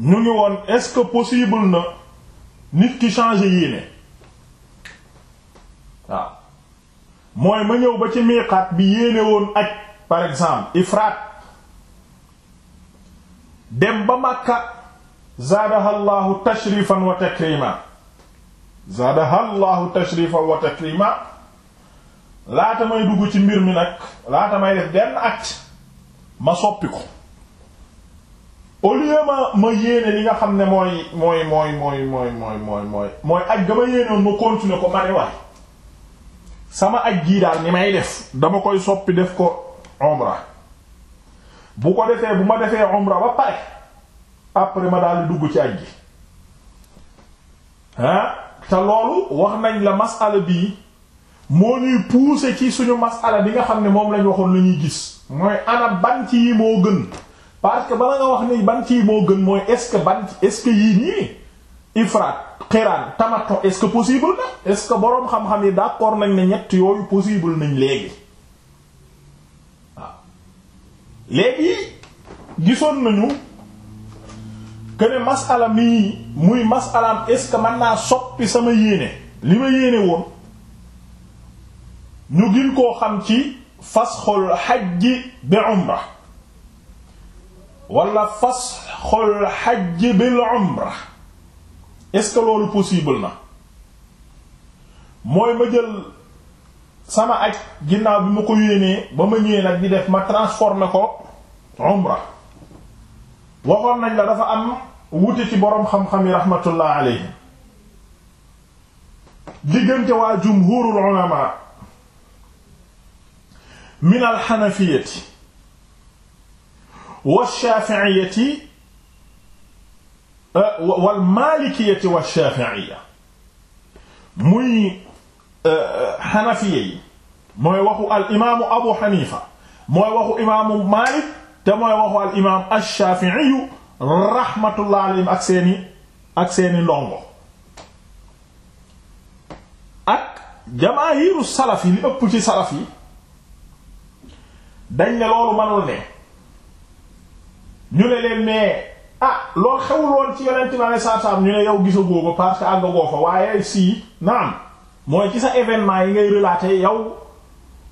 ñu ngi woon est-ce que possible na nit ki changer yéene waaw mooy ma ñëw ba ci miiqaat bi yéene woon aj par exemple ifraat dem ba Makka zaadaha llahu tashrifan wa takrima zaadaha tashrifan wa laata may dugg ci mbir mi nag laata may def benn acte ma soppi ko au lieu ma ma yéene li nga xam ne mooy mooy mooy mooy mooy mooy mooy mooy mooy aj ga ma yéenoon ma continuer ko ma ne sama aj gii daal ni may def dama koy soppi def ko umra bu ko defee bu ma defee umra ba pare après ma daal dugg ci aj gi ah te loolu wax nañ la masala bii moo ñuy pousser ci suñu masala bi nga xam ne moom lañuy waxoon lu ñuy gis mooy ana ban ci yi moo gën parce que bala nga wax ni ban ci moo gën mooy est-ce que ban est-ce que yii ñii ifraat xiraan tamaton est-ce que possible na est-ce que boroom xam-xam yi d'accord nañ ne ñett yooyu possible nañ léegi waaw léegi gisoon nañu que ne masala mii muy masalaam est-ce que mën naa soppi sama yéene li ma yéene woon ñu gën koo xam ci fasxul xaj ji bi wala fasxul xajj bil umra est-ce na mooy ma jël sama aj ko yéenee ba ma ñëwee nag di def ma transformé ko umra waxoon nañ la dafa am wute ci boroom xam-xam yi rahmatullah diggante waa jumhurul ulama min al wa shaafi'iyati wal maalikiyati wa shaafi'iyya muy xanafiye yi mooy waxu al imaamu Abu Hanifa mooy waxu imaamu Maalik te mooy waxu al imaam ash-Shaafi'i rahmatullah alayhim ak seeni ak seeni ndongo ak jamaahiru salaf yi li ëpp ci salaf yi dañ ne loolu mënul ne. ñu ne leen mais ah loolu xewul woon ci yonent bi alei satu salaam ñu ne yow gisagoo ko parce que àggagoo fa waaye sii naam mooy ci sa événement yi ngay relater yow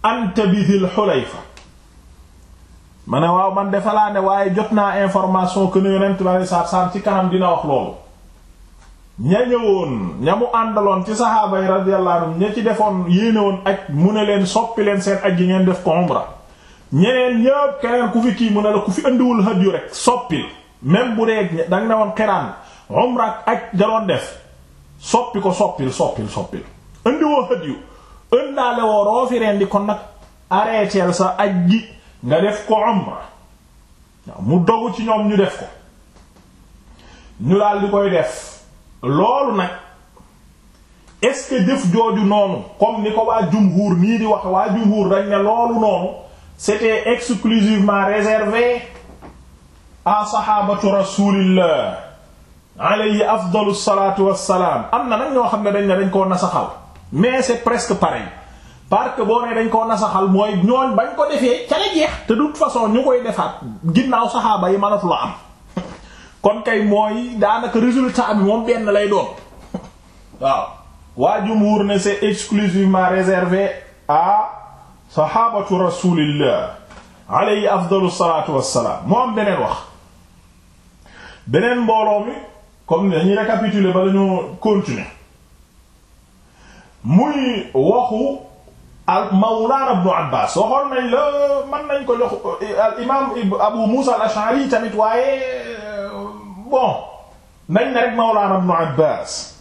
anta bi Dil Hulayfa ma ne waaw man defa laa ne waaye jot naa information que ne yonent bi alei satu ci kanam dina wax loolu ña ñëwoon ña mu àndaloon ci saxaaba yi radiyallahu anhum ña ci defoon yéene woon ak mu ne leen soppi leen seen aj yi ngeen def ko umra ñeneen ñëpp keneen ku fi kii mu ne la ku fi andiwul hadiyu rek soppil même bu dee danga ne woon xiraan umra ak jaroon def soppi ko soppil soppil soppil andiwoo hadiyu ëndaale woo roo fi rendi kon nag arrêteel sa aj gi nga def ko umra mu dogu ci ñoom ñu def ko ñu daal koy def loolu nag est-ce jooju noonu comme ni ko waa jumhuur nii di wax waa jumhuur dañ ne loolu noonu c'était exclusivement réservé à sahabatu rasulillah alayhi afdalu salatu wassalaam am na nag ñoo xam ne dañ ne dañ koo nasaxal mais c'est presque pareil parce que boo nee dañ koo nasaxal mooy ñooñ bañ ko defee ca la jeex te du façon ñu koy defaat ginnaaw saxaaba yi mënatu am kon kay mooy daanaka résultat bi moom benn lay doon waaw waa jumhur ne c'est exclusivement réservé à saxaabatu rasulillah alayhi afdalu salaatu wassalaam moo am beneen wax beneen mbooloo mi comme dañuy récapituler ba lañu continuer muy waxu al mawlaana ibnu Abbaas waxoon nañ la mën nañ ko jox al imaam Abu Muusa al Ash'ari tamit waaye bon nañ na rek mawlaana ibnu Abbaas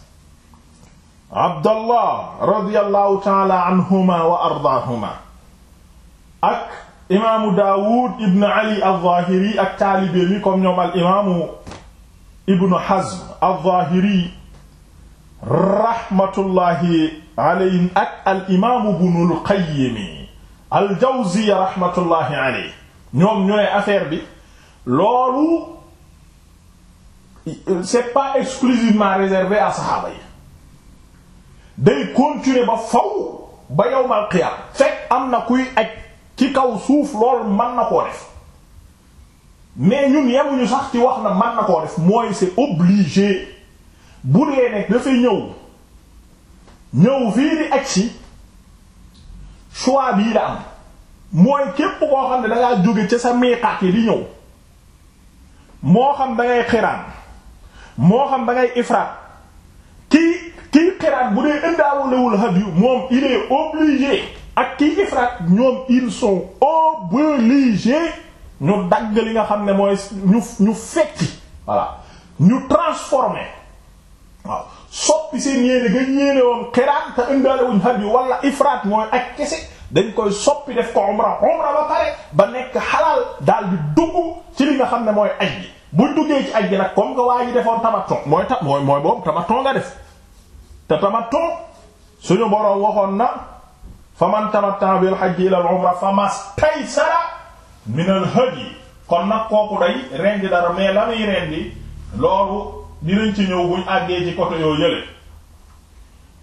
Abdallah radiyallahu ta'ala anhuma wa ardaahuma ak imaamu Daawud ibn Ali al-Zahiri ak taalibe ñoom al imaamu Ibn Hazm al-Zahiri rahmatullahi alayhi ak al imaamu Ibn al-Qayyim al-Jawziyya rahmatullahi alayhi ñoom ñooy affaire bi loolu c'est pas exclusivement réservé à saxaaba yi day ba faw ba yawmal qiyaama fekk am na kuy aj ci kaw suuf lool mën na koo def mais ñun yemuñu sax ci wax na man na koo def mooy c'est obligé bu dee nekk dafay ñëw ñëw fii di agsi choix bii la am mooy képp koo xam ne dangaa jóge ca sa miqaat yi di ñëw moo xam dangay xiraan moo xam dangay ifraat kii kii xiraan bu dee indaawalewul hadiyu moom il est obligé ak kii ifrat ñoom ils sont obligés ñu dagg li nga xam ne mooy ñu ñu fekki voilà ñu transformer waaw soppi seen yéene nga yéene woon xiraan te indaale wuñ xaj yu wala ifrat mooy ak kese dañ koy soppi def ko umra umra ba pare ba nekk xalaal daal di dugg ci li nga xam ne mooy aj gi buñ duggee ci aj gi nag comme que waa ji defoon tamaton mooy ta mooy mooy tamaton nga def te tamaton suñu boroom waxoon na fa man tamatta'a bil hajji ila al umra fa mastaysara min al hadi kon nag kooku day rendi dara mais la muy rendi loolu dinañ ci ñëw buñ àggee ci côté yoo yële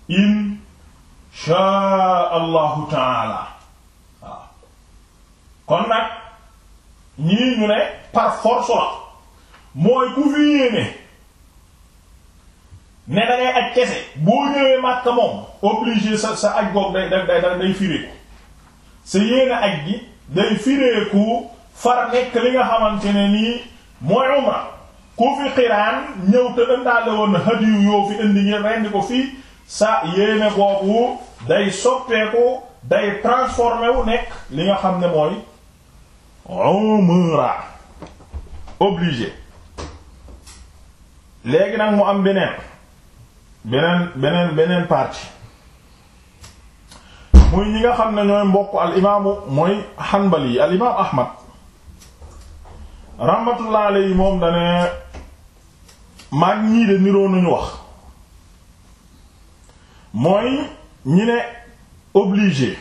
inshaa allahu taala waaw kon nag ñii ñu ne par la mooy ku fi yéene ne da ngay kese boo ñëwee Makka moom obligé sa sa aj goog day day day firéeku sa yéen aj gi day firéeku far nekk li nga xamante ne nii mooy ñëw te ëndaale woon ko fii sa yéene boobu day soppeeku day transformé xam ne mooy umra obligé nag mu am beneen beneen beneen beneen partie muy ñi nga xam ne ñooy mbokk al mooy xanbali yi al ahmad rahmatullah alayhi moom dane maag ñii de niroo nañu wax mooy ñi ne obligé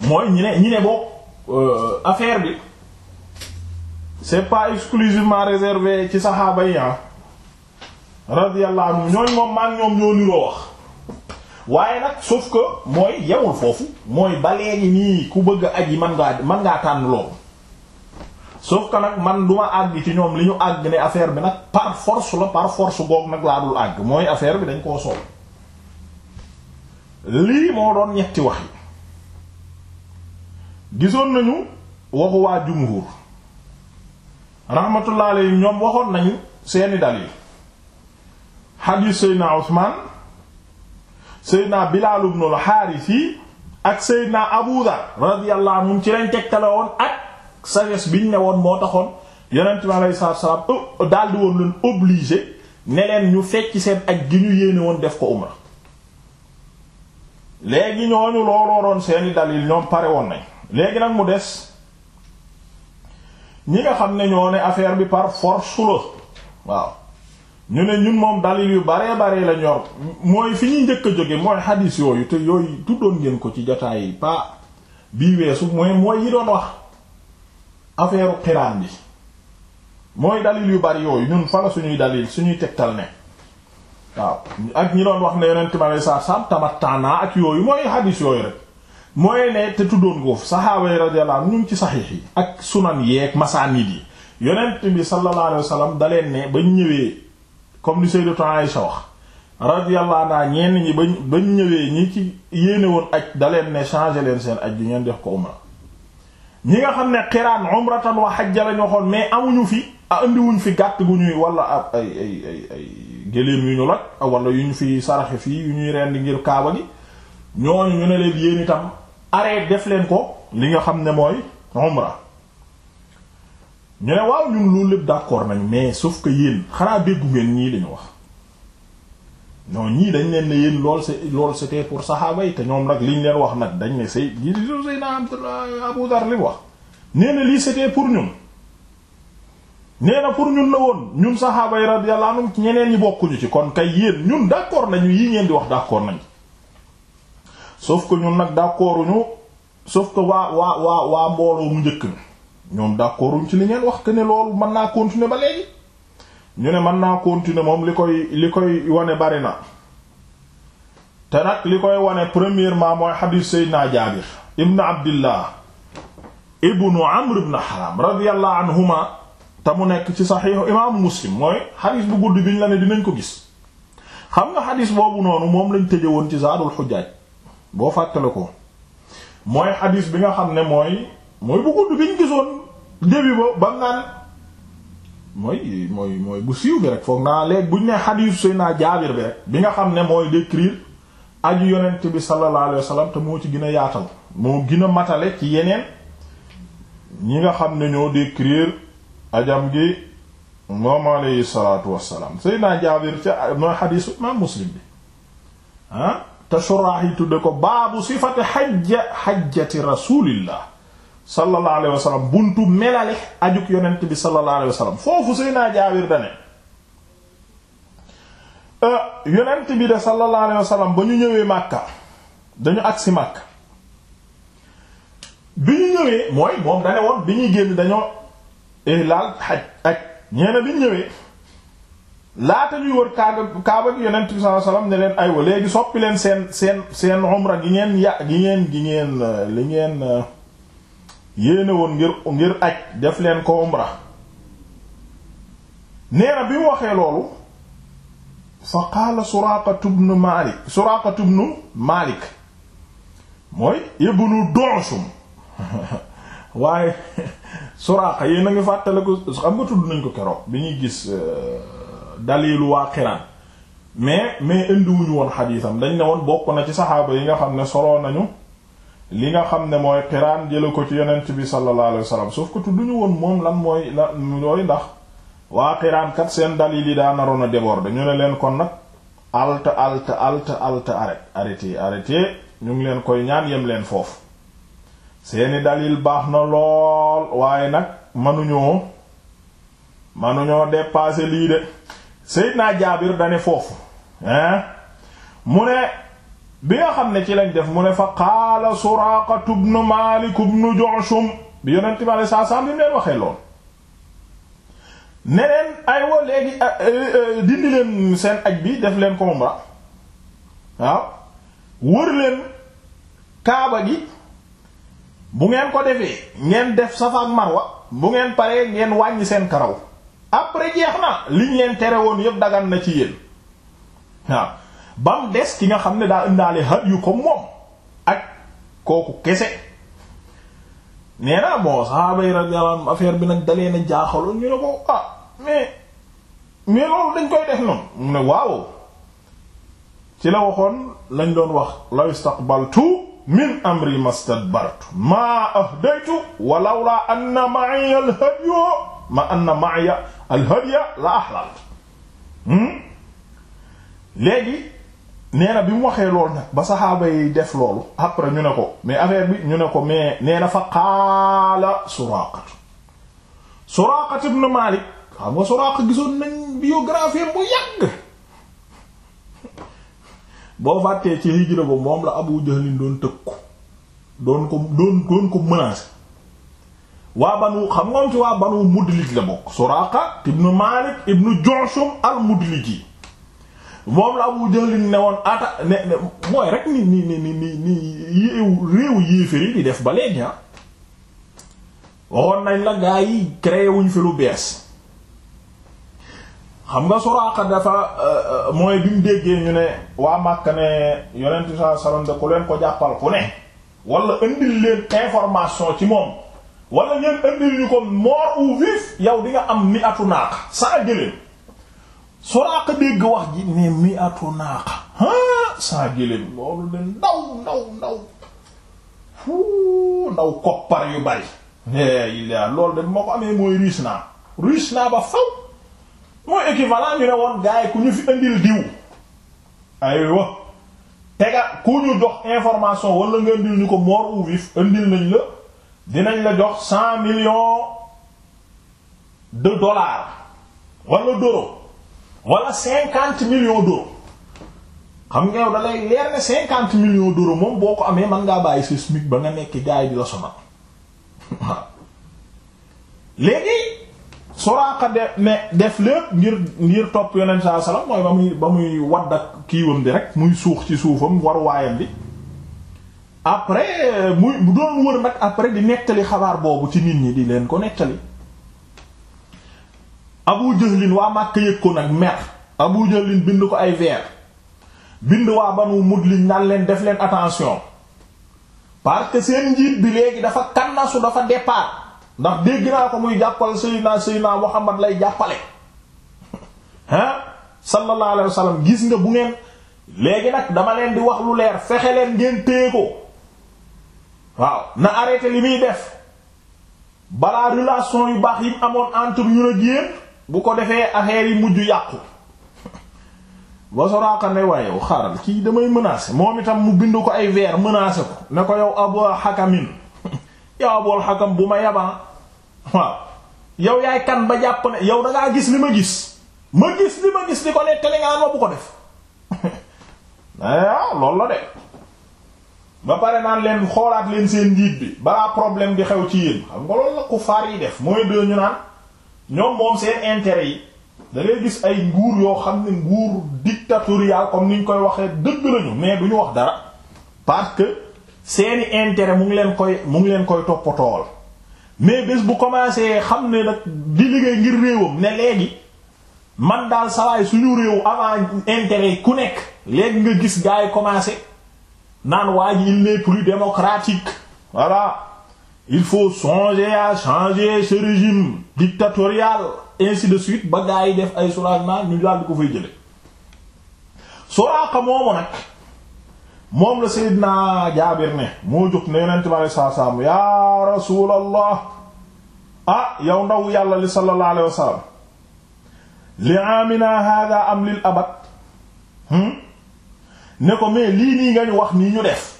mooy ñi ne ñi ne bokk euh, affaire bi c'est pas exclusivement réservé ci saxaaba yi ah. radiyallahu anhu ñooñ moom maa ñoom ñoo niroo wax waaye nag sauf que mooy yemul foofu mooy ba léegi nii ku bëgg a yi man ngaa man ngaa tànn loolu sauf que nag man du ma àgg ci ñoom li ñu àgg ne affaire bi nag par force la par force goog nag laa dul àgg mooy affaire bi dañ koo sol lii moo doon ñetti wax yi gisoon nañu waxu waa jumhur rahmatullah ñoom waxoon nañu seeni dalil xadiis seydna Usmaan seydna Bilaal ibn al-Haaris yi ak seydna Abu Dhar radiyallahu anhu ci lañ tegtale woon ak sagesse ne woon moo taxoon yonent bi alayhi salaatu salaam euh, euh, daldi woon leen obligé ne leen ñu fecc seen aj gi ñu yéene woon def ko umra léegi ñooñu looloo doon seeni dalil ñoom pare woon nañ léegi nag mu des ñi nga xam ne ñoo ne affaire bi par force la waaw ñu ne ñun moom dalil yu baree baree la ñor mooy fi ñu njëkk a jóge mooy xadiis yooyu te yooyu tuddoon ngeen ko ci jotaay yi pa bii weesu mooy mooy yi doon wax affaire xiraan bi mooy dalil yu bari yooyu ñun fa la suñuy dalil suñuy tegtal ne waaw ak ñi doon wax ne yonent ma alei satu salaam ak yooyu mooy xadiis yooyu rek mooy ne te tuddoon goofu saxaaba yi radiyallahu ci saxiix yi ak sunan yeeg masaanid yi yonent bi sallallahu alayhi wasallam daleen ne bañ comme li Sayyidatu Aïsha wax radiyallahu anha ñenn ñi bañ bañ ñëwee ñi ci yéene woon aj daleen ne changé leen seen aj bi ngeen def ko umra ñi nga xam ne xiraan umratan wa hajja lañu mais amuñu fi a indiwuñ fi gàtt gu ñuy wala ab ay ay ay géléem yu ñu loj wala yu ñu fi saraxe fii yu ñuy rend ngir kaaba gi ñooñu ñu ne leen yéen itam arrêt def leen ko li nga xam ne mooy umra ñu ne waaw ñun loolu lépp d'accord nañ mais sauf que yéen xanaa déggu ngeen ñii dañu wax non ñii dañ leen ne yéen lool c'est lool c'était pour saxaaba yi te ñoom nag liñ leen wax nag dañ ne say i say na Abu Dar li wax nee na lii c'était pour ñun nee na pour ñun la woon ñun saxaaba yi radiyallahu ci ñeneen ñi bokkuñu ci kon kay yéen ñun d'accord nañu yi ngeen di wax d'accord nañ sauf ko ñun nag d'accorduñu sauf que waa waa waa waa mbooloo mu njëkk ñoom d'accorduñ ci li ngeen wax que ne loolu mën naa continuer ba léegi ñu ne mën naa continuer moom li koy li koy wane bari na te nag li koy wane premièrement mooy xadiis Seydina Jaabir ibnu Abdillah ibnu Amr ibn Haram radiyallahu anhuma te mu nekk ci saxiixu imaamu Muslim mooy xadiis bu gudd biñ la ne dinañ ko gis xam nga xadiis boobu noonu moom lañ tëje woon ci Zaadul Xujjaaj boo fàttale ko mooy xadiis bi nga xam ne mooy mooy bu gudd biñ gisoon début ba bam mooy mooy mooy bu siiw bi rek foog naa léegi buñ ne xadiisu Seydina Jaabir bi bi nga xam ne mooy décrire aju yonent bi sallallahu alayhi wasallam te moo ci gën a yaatal moo gën matale ci yeneen ñi nga xam ne ñoo décrire ajam gi moom alayhi salaatu wassalaam Seydina Jaabir ca mooy xadiisu imaam Muslim bi ah, te suraax yi tudde ko baabu sifati xajja xajjati rasulillah sallallahu alayhi wa sallam buntu melale ajuk yonent bi sallallahu alayhi wa sallam foofu Seydina Jaabir dane euh, yonent bi de sallallahu alayhi ba ñu ñëwee Makka dañu agsi Makka bi ñu ñëwee mooy moom dane woon bi ñuy génn dañoo laal xaj ak ñeena bi ñu ñëwee laata ñuy wër kaaba kaaba gi yonent bi sallallahu alayhi ne leen aywa léegi soppi leen seen seen seen umra gi ngeen ya gi ngeen gi ngeen euh, li ngeen euh, yéene woon ngir ngir aj def leen ko umra bi mu waxee loolu fa qaala suraaqatu bnu maalik suraaqatu bnu maalik mooy ibnu donsum waaye suraaqa yéen a ngi fàttale ko xam nga tudd nañ ko keroog bi ñuy gis euh, dalilu waa qiraan mais mais indiwuñu woon xadiisam dañ ne woon bokk na ci saxaaba yi nga xam ne soloo nañu li nga xam ne mooy xiraan jëla ko ci yonent bi sallallahu alayhi wasallam sauf du tudduñu woon moom lan mooy la yooyu ndax waa xiraan kat seen dalil yi daa naroon a déborder ñu ne leen kon nag alte alte alte alte arrêt arrêté arrêté ñu ngi leen koy ñaan yem leen foofu seeni dalil baax na lool waaye nag manuñoo manuñoo dépasser lii de Seydina Jaabir dane foofu hein mu ne bi nga xam ne ci lañ def mu ne fa qaala Suraaqatu nu Maalik bnu Ju'shum bi yonent bi alayhi salaam bi mu leen waxee lool ne leen ay wa léegi euh, euh, dindi leen seen aj bi def leen ko umra waaw wër leen kaaba gi bu ngeen ko defee ngeen def Safa ak Marwa bu ngeen paree ngeen wàññi seen karaw après jeex na liñ leen tere woon yépp dagan na ci yéen waaw ba mu des ki nga xam ne daa indaale hal yu ak kooku kese nee naa moo saxaaba yi radiyallahu anhum affaire bi nag dalee na jaaxaloon ñu ne ko ah mais mais loolu dañ koy def noonu mu ne waaw ci la waxoon lañ doon wax law istaqbaltu min amri mastadbartu maa ahdaytu walaw laa anna ma'iya al-hadyu ma anna ma'iya al-hadya la ahlaltu hmm? léegi nee bi mu waxee loolu nag ba saxaaba yi def loolu après ñu ne ko mais affaire bi ñu ne ko mais nee na fa qaala Suraaqatu Suraaqatu ibn Maalik xam nga Suraaqa gisoon nañ biographie bu yàgg boo fàttee ci hijra ba moom la Abu Jahlin doon tëkku doon ko doon ko menacer waa banu xam nga ci waa banu Mudlij la bokk Suraaqa ibn Maalik ibn Ju'shum al-Mudliji moom la Abu Jahl ne woon ata ne ne mooy rek ni ni ni ni yéew réewu yéeféer yi di def ba léegi ah waxoon nañ la gaa yi créé wuñ fi lu bees xam nga Suraaqa dafa euh, mooy bi mu déggee ñu ne waa Makka ne yonent sa sallam de ku leen ko jàppal ku ne wala indil leen information ci moom wala ngeen indil ñu ko mort ou vif yow di nga am ni atu naaq sa jëleen Suraaqa dégg wax ji ne mi atu naaqa ah saa gëléem loolu de ndaw ndaw ndaw fuu ndaw koppar yu bari. loolu de moo ko amee mooy riis naa riis naa ba faw mooy équivalent ñu ne woon gars ku ñu fi indil diw aywa tega ku ñu jox information wala nga indil ñu ko mort ou vif indil nañ la dinañ la jox cent millions de dollars wala d'euros wala cinquante millions d'euros xam nga yow da lay leer ne cinquante millions d'euros moom boo ko amee man ngaa bàyyi sa SMIC ba nga nekk gars yi di la sonal waaw léegi Suraaqa de ne def lépp ngir ngir topp Yonent saa salaam mooy ba muy ba muy wadd ak kiiwam bi rek muy suux ci suufam war waayam bi après muy bu doon wër nag après di nettali xabaar boobu ci nit ñi di leen ko nettali. abu jahlin waa Màkka yëg ko nag mer abu jahlin bind ko ay veer bind waa banu mudlin naan leen def leen attention parce que seen njiit bi léegi dafa kannasu dafa départ ndax dégg naa ko muy jàppal sayyidina sayyidina Muhammad lay jàppale ah sallallahu alayhi gis nga bu ngeen léegi nag dama leen di wax lu leer fexe leen ngeen téye ko waaw na arrêté li muy def balaa relation yu baax yi mu amoon entre ñun ak yéen bu ko defee affaire yi mujj yàqu ba Suraaqa ne waaye yow xaaral kii damay menacer moom itam mu bind ko ay weer menacer ko ne ko yow Abu Hakamin yow Abul Hakam bu ma yaban waaw yow yaay kan ba jàpp ne yow da gis li ma gis ma gis li ma gis di ko nettali nga ma bu ko def eh, ah la de ba pare naan leen xoolaat leen seen njiit bi balaa problème di xew ci yéen xam nga loolu la ku faar yi def mooy doo ñu naan. ñoom moom seen intérêt yi da ngay gis ay nguur yoo xam ne nguur dictatorial comme ni koy waxee dëgg nañu mais du ñu wax dara parce que seeni intérêt mu ngi leen koy mu ngi leen koy toppatool mais bés bu commencé xam ne nag di liggéey ngir réewam ne léegi man daal sawaay suñu réew avant intérêt yi ku nekk léegi nga gis gars yi commencé naan waa ji il n'est plus démocratique voilà il faut songer à changer ce régime dictatorial ainsi de suite ba gaa yi def ay soulagement ñu daal di ko fay jële Suraaqa moomu nag moom la Seydina Jaabir ne moo jóg ne yonent bi alayhi salaam yaa rasuulallah ah yow ndaw yàlla li sallallahu alayhi li amina hada am lil abad hmm? ne ko mais lii nii nga ñu wax nii ñu def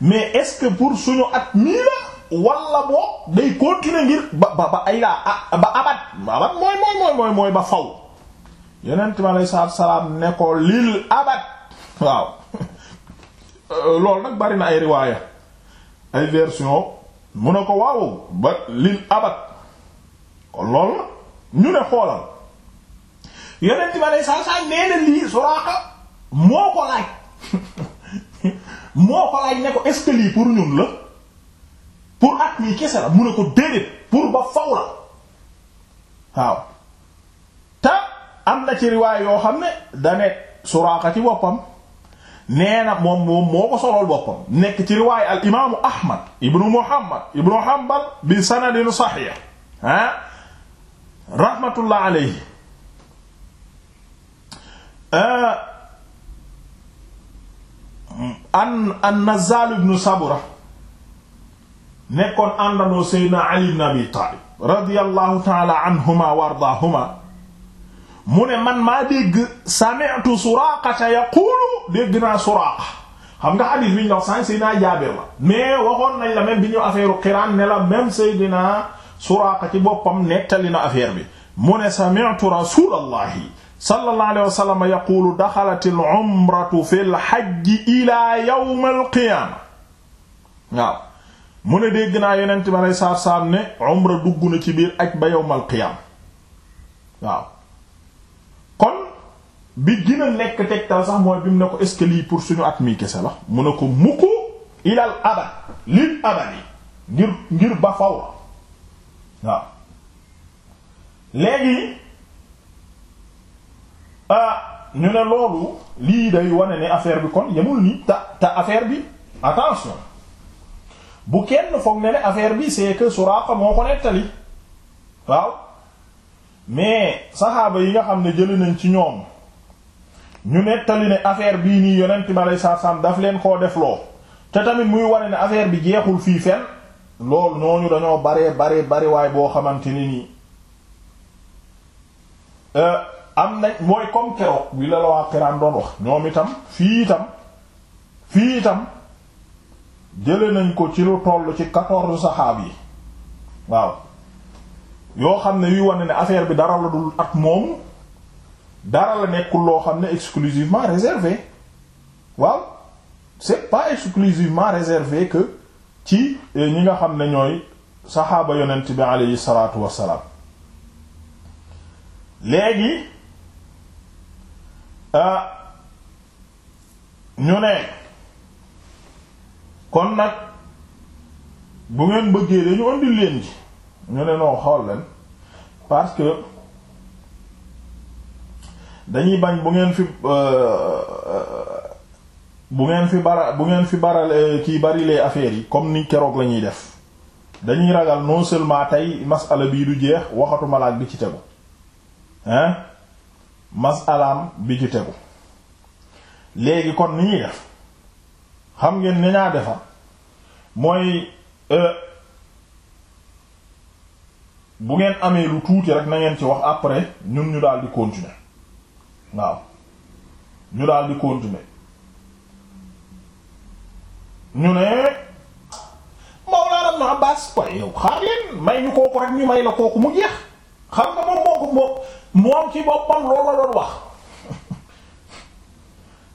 mais est-ce que pour at mii la wala boo day continuer ngir ba ba ba ay laa ba abat abat mooy mooy mooy mooy ba faw yonent bi aleyhi salaatu salaam ne ko lil abat waaw euh, loolu nag bari na ay riwaaya ay version mu ne ko waaw ba lil abat kon loolu ñu ne xoolal yonent bi aleyhi salaatu salaam nee na lii Suraaqa moo ko laaj moo ko laaj ne ko est pour ñun la pour at mi kese la mu ne ko déedéet pour ba faw la waaw te am na ci riwaay yoo xam ne da nekk Suraaqa ci boppam nee na moom moom moo ko solool boppam nekk ci riwaay al imaamu Ahmad ibnu Muhammad ibnu Hanbal bi sanadin saxiix ah rahmatullah alayhi an an Nazzal ibnu Sabra nekkoon àndandoo Seydina Ali ibn Abi Taalib radiyallahu taala anhuma wa ardaahuma mu ne man maa dégg sami'tu Suraaqata yaquulu dégg naa Suraaqa xam nga xadiis bi ñu wax sànq Seydina Jaabir la mais waxoon nañ la même bi ñu affaire Qiraan ne la même Seydina Suraaqa ci boppam nettali na affaire bi mu ne sami'tu Rasuulallahi sallallahu alayhi wa sallam yaquulu daxalatil umratu fil hajji ilaa yawmil qiyaama waaw mu ne dégg naa yonent bi aleyhi salaatu salaam ne umra dugg na ci biir aj ba yawmal qiyaam waaw kon bi gën nekk tegtal sax mooy bi mu ne ko est lii pour suñu at mi kese la mu ne ko mukk ilal abad lil abadi ngir ngir ba léegi ah, ñu ne loolu lii day wane ne affaire bi kon yemul nii ta ta bi attention bu kenn foog ne ne affaire bi c'est que Suraaqa moo ko nettali waaw mais saxaaba yi nga xam ne jëli nañ ci ñoom ñu nettali ne affaire bii nii yonent bi aleyhi salaatu daf leen koo def loo te tamit muy wane ne affaire bi jeexul fii fenn loolu ñooñu dañoo baree baree bari waay boo xamante ni nii euh, am nañ mooy comme keroog bi la la waa Qiraan doon wax ñoom itam fii itam fii itam. jële nañ ko ci lu toll ci quatorze saxaab yi waaw yoo xam ne yuy wane ne affaire bi dara la dul ak moom dara la nekkul loo xam ne exclusivement réservé waaw c'est pas exclusivement réservé que ci eh, ñi nga xam ne ñooy saxaaba yonent bi aleyhi salaatu wassalaam léegi ah, ñu ne kon nag bu ngeen bëggee dañu ëndil leen ci ñu ne noo xool leen parce que dañuy bañ bu ngeen fi euh, euh, bu ngeen fi bara bu ngeen fi baralee kii barilee affaires yi comme ni keroog la ñuy def dañuy ragal non seulement tey masala bii du jeex waxatu malaak bi ci tegu hein masalaam bi ci tegu léegi kon ni ñuy def xam ngeen ni ñaa defa mooy euh, bu ngeen amee lu tuuti rek na ngeen ci wax après ñun ñu daal di continuer waaw ñu daal di continuer ñu ne Mawlana Ibn Abbas waaye yow xaar leen may ñu kooku rek ñu may la kooku mu jeex xam nga moom moo moom moom ci boppam loolu la doon wax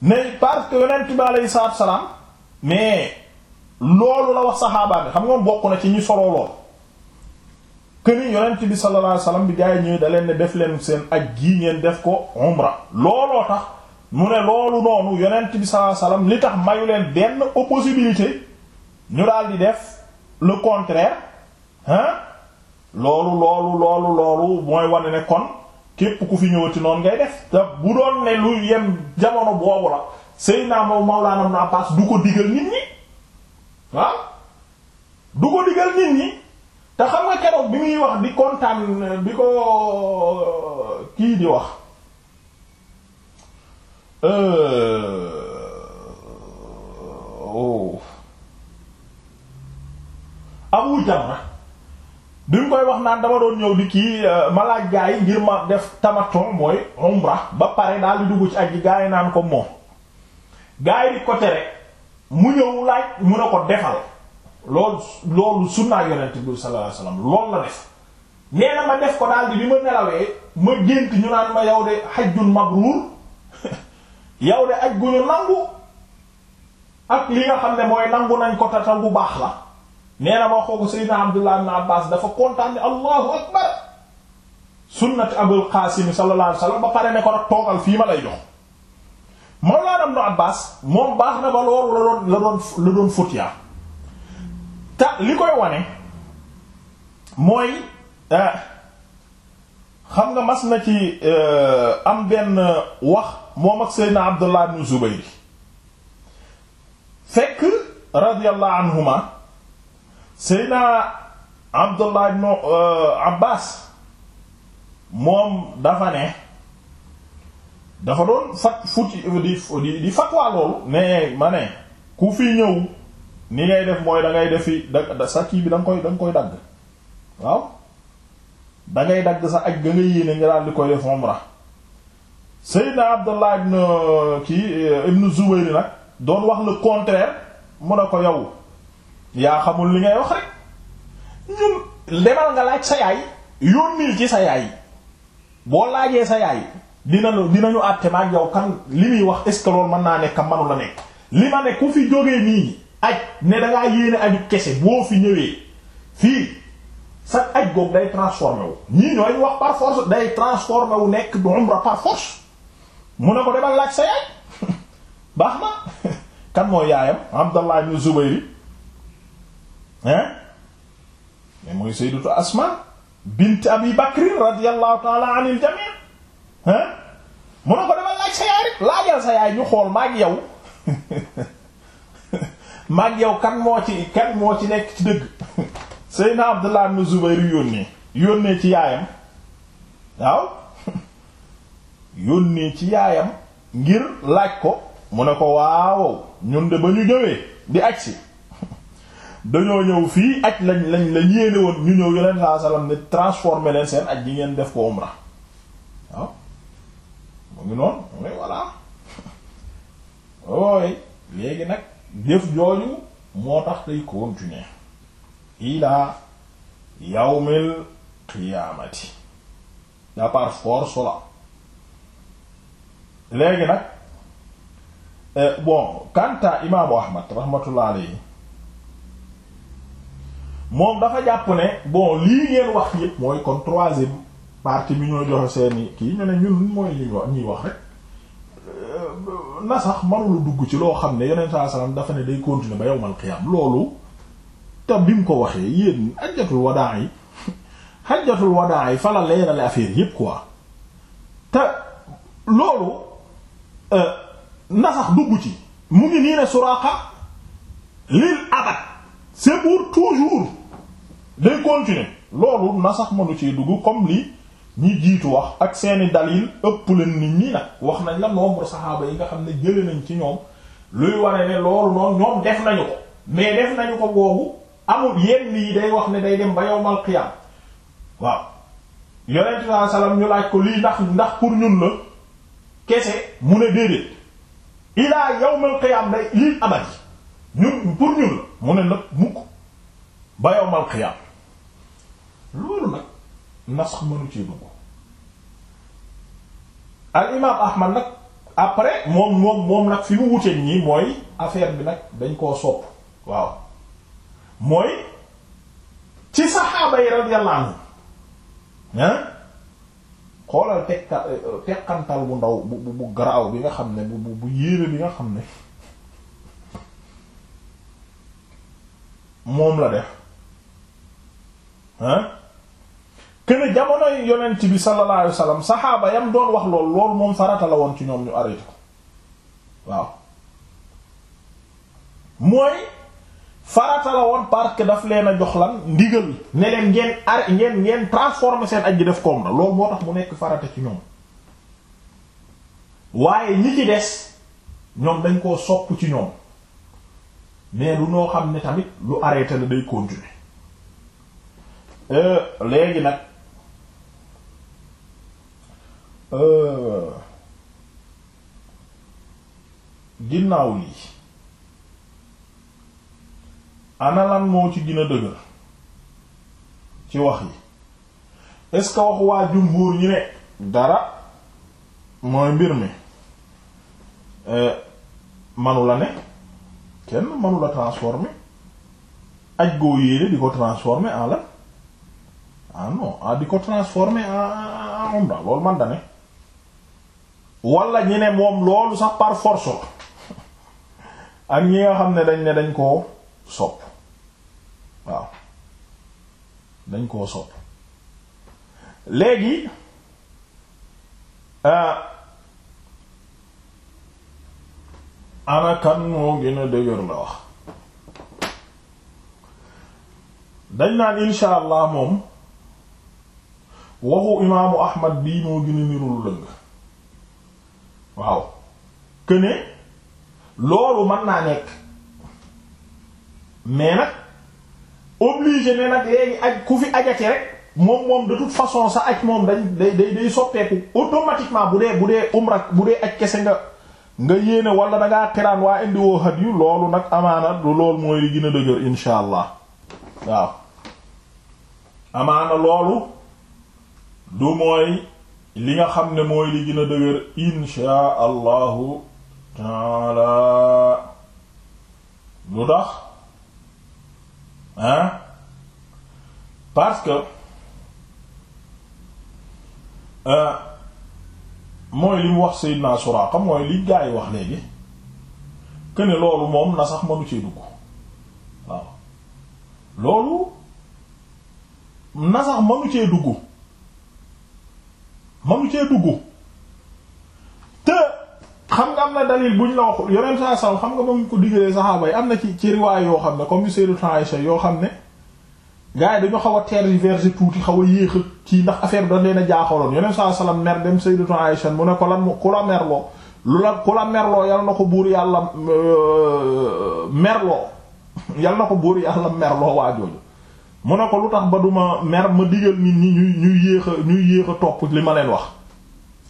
ne parce que yonent bi aleyhi salaatu salaam mais loolu la wax saxaaba bi xam nga bokk na ci ñu soloo lool këni yonent bi sallallahu alayhi bi gaa yi ñëwee da leen ne def leen seen aj gii ngeen def ko umra looloo tax mu ne loolu noonu yonent bi sallallahu alayhi li tax mayu leen benn possibilité ñu daal di def le contraire hein loolu loolu loolu loolu mooy wane ne kon képp ku fi ñëwati noonu ngay def te bu doon ne lu yem jamono boobu la Seydina moom Mawlaana Ibn Abbaas du ko digal nit ñi waaw du ko digal nit ñi te xam nga keroog bi muy wax di kontaan bi ko kii di wax euh, oh. Abu Jamra bi mu koy wax naan dama doon ñëw di kii euh, ma laaj gaa yi ngir ma def tamaton mooy umra ba pare daal di dugg ci ak yi gaa yi naan ko moom gaa yi di ko tere mu ñëw laaj mu ne ko defal loolu loolu sunnaa yonent bi sallallahu alayhi wasallam def nee ma def ko daal di bi ma nelawee ma gént ñu naan ma yow de hajjun mabruur yow de aj gu ñu nangu ak li nga xam ne mooy nangu nañ ko tatal bu baax la nee na ma xoo ko Seydina Abdullah ibn Abbas dafa kontaan ne allahu akbar sunnat abul qasim sallallahu alayhi wasallam ba pare ne ko nag toogal fii ma lay jox Mawlaana Ibnu Abbaas moom baax na ba loolu la doon la doon la doon li koy wane mooy eh, xam nga mas na ci eh, am benn wax moom ak Seydina Abdullah ibn Zubayr fekk radiyallahu anhuma Seydina Abdullah ibn eh, Abbaas moom dafa ne dafa doon fat futi di di fatwaa loolu ne ma ne ku fi ñëw ni ngay def mooy da ngay defi da sa kii bi da koy da koy dagg waaw da ngay dagg sa aj ga nga yéene nga daal di koy def umra Seydina Abdullah ibn uh, kii uh, ibn Zubayr nag doon wax na contraire mu ne ko yow yaa xamul li ngay wax rek ñun demal nga laaj sa yaay yónnil ci sa yaay boo laajee sa yaay dinañu dinañu àtte maag yow kan li muy wax est man naa nekk manu la nekk li ma ne ku fi jógee nii aj ne dangaa yéene aju kese boo fi ñëwee fii sax aj googu day transformé ñii ñooy wax par force day transformé wu nekk du umra par force mu ne ko demal laaj sa yaay baax na kan mooy yaayam Abdallah ibn Zubayr hein mais mooy sayyidatu Asma bint Abi Bakr radiyallahu ta'ala anil jami' hein mu ne ko dama laaj sa yaay ñu xool maag yow maag yow kan moo ci kan moo ci nekk ci dëgg Seydina Abdullah ibn Zubayr yónnee yónnee ci yaayam waaw yónnee ci yaayam ngir laaj ko mu ne ko waaw ñun de ba ñu ñëwee di aj si dañoo ñëw fii aj lañ lañ lañ yéene woon ñu ñëw yeneen saa salaam ne transformer leen seen aj yi ngeen def ko umra waaw mu ngi noonu mooy voilà léegi nag jëf jooju moo tax tey continuer ila yawmil qiyaamati da par force la léegi nag euh, bon kanta imaamu ahmad rahmatullah alayhi moom dafa jàpp ne bon lii ngeen wax yépp mooy kon parti bi ñoo joxe seeni kii ñu ne ñun mooy li wax ñuy wax rek na sax manula dugg ci loo xam ne yeneen saa salaam dafa ne day continuer ba yawmal qiyaam loolu te bi ko waxee yéen hajjatul wadaa yi hajjatul wadaa yi fa la leerale affaire yépp quoi te loolu euh, na sax dugg ci mu ngi nii ne Suraaqa lil abad c'est pour toujours day continuer loolu na sax mënu dugg comme lii ñu jiitu wax ak seeni dalil ëpp leen nit ñi nag wax nañ la nombre saxaaba yi nga xam ne jële nañ ci ñoom luy wane ne loolu noonu ñoom def nañu ko mais def nañu ko boobu amul yenn yi day wax ne day dem ba yowmal qiyaam waaw yonent bi salaam ñu laaj ko lii ndax ndax pour ñun la kese mu ne déedéet ilaa yowmal qiyaam day lii abadi ñun pour ñun la mu ne nag mukk ba yowmal qiyaam loolu nag nasx mënu ci dugg al imaam ahmad nag après moom moom nag fi mu wuteeg nii mooy affaire bi nag dañ koo sopp waaw mooy ci saxaaba yi radiyallahu hein xoolal tekka tekkantal bu ndaw bu bu garaaw bi nga xam ne bu bu yéeme bi nga xam ne moom la def hein kene jamonoy yonent bi sallallahu alayhi wasallam saxaaba yam doon wax lool lool moom farata la woon ci ñoom ñu arrêté ko waaw mooy farata la woon parce daf leen a jox lan ndigal ne leen ngeen ar ngeen ngeen transformer seen aj ji def koom na loolu moo tax mu nekk farata ci ñoom waaye ñi ci des ñoom dañ koo sopp ci ñoom mais du noo xam ne tamit lu arrêté la day continuer euh, léegi nag ginnaaw lii ana moo ci gën dëgër ci wax yi est-ce que wax waa jumhur ñu ne dara mooy mbir mi manu la ne kenn manu la aj goo yéene di ko transformer en la ah non di ko transformer en en loolu man da wala ñi ne moom loolu sax par force ak ñi nga xam ne dañ ne dañ koo sopp waaw dañ koo sopp léegi euh, anakan moo gën a dëgër la wax dañ naan insha moom waxu imaamu ahmad bii moo gën a niru lu waaw que loolu man naa nekk mais nag obligé ne nag léegi aj ku fi ajati rek moom moom de toute façon sa aj moom dañ day day day soppeeku automatiquement bu dee bu dee umra bu dee aj kese nga nga yéene wala da ngaa teraan waa indiwoo xat yu loolu nag amaana du loolu mooy li dëgër insha allah waaw amaana loolu du mooy li nga xam ne mooy li gën a dëgër inshaa allahu taala lu tax hein parce que euh, mooy li mu wax Seydina Suraaqa mooy li gaa yi wax léegi que ne loolu moom na sax mënu cee dugg waaw loolu na sax mënu cee dugg manu cee dugg te xam nga am na dalil buñ la wax yoneen saa saw xam nga ba mu ko digalee saxaaba yi am na ci ci riwaay yoo xam ne comme yu yoo xam ne gars yi dañu xaw a tergiverser tuuti xaw a yéex a kii ndax affaire bi dañ leen a jaaxaloon yoneen saa salam mer dem Sayyidatu Aïsha mu ne ko lan ku la merloo lu la ku la merloo yal na ko buur yàlla euh, merloo yal na ko buur yàlla merloo waa jooju mu ne ko lu tax ba duma mer ma digal nit ñi ñuy ñuy yéex a ñuy yéex a topp li ma leen wax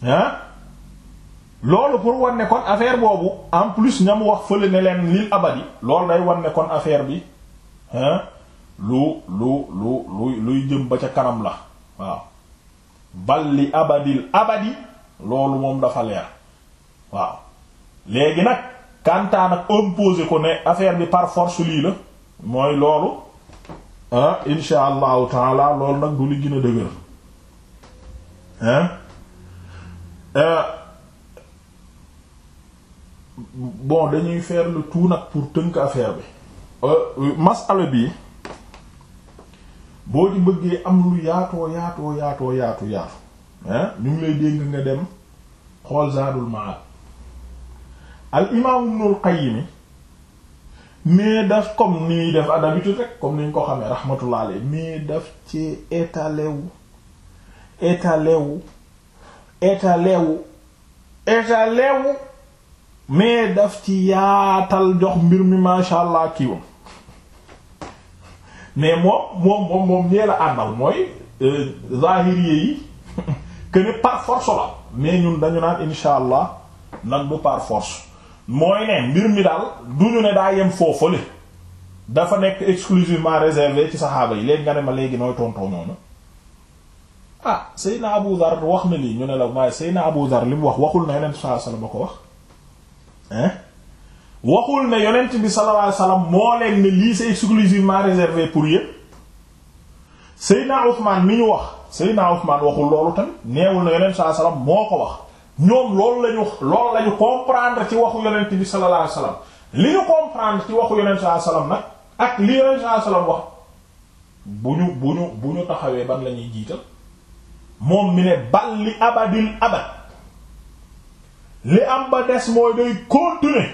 ah loolu pour wan ne kon affaire boobu en plus ñam wax fële ne leen lil abadi loolu day wan ne kon affaire bi ah lu lu lu lu luy jëm ba ca kanam la waaw bal li abadil abadi loolu moom dafa leer waaw léegi nag kantaan ak imposer ko ne affaire bi par force lii la mooy loolu Ah, insha allahu taala loolu nag du li gën a dëgër hein eh, bon dañuy faire le tout nag pour tënk affaire bi eh, masala bi boo ci bëggee am lu yaatoo yaatoo yaatoo yaatu yaatu hein ñu ngi lay nga dem xool Zaadul Ma'aad al imaam Ibnul Qayyim mais daf comme ni def d'habitude rek comme ni ñu ko xamee rahmatullah alayhi mais daf ci étalé wu étalé wu étalé daf ci yaatal jox mbir mi masha allah kiiwam mais moom moom moom moom ñee la àndal mooy euh, zahiriye yi que ne la mais ñun dañu naan insha allah nag bu par mooy ne mbir mi daal du duñu ne daa yem foofale dafa nekk exclusivement réservé ci saxaaba yi léegi nga ne ma léegi nooy tontoo noonu ah Seydina Abu wax na lii ñu ne la waaye Seydina Abu li mu wax waxul na yonent sallallahu alayhi wasallam ko wax ne yonent bi sallallahu alayhi wasallam moo leen ne lii c'est exclusivement réservé pour yépp Seydina Ousmane mi ñu wax Seydina Ousmane waxul loolu tamit neewul na yonent sallallahu moo ko wax ñoom loolu lañu loolu lañu comprendre ci waxu yonent bi sallallahu alayhi wasallam li ñu comprendre ci waxu yonent sallallahu alayhi nag ak li yonent sallallahu wax bu ñu bu ñu bu ñu taxawee ba la ñuy jiital moom mi ne bal li abadil abad li am ba des mooy day continuer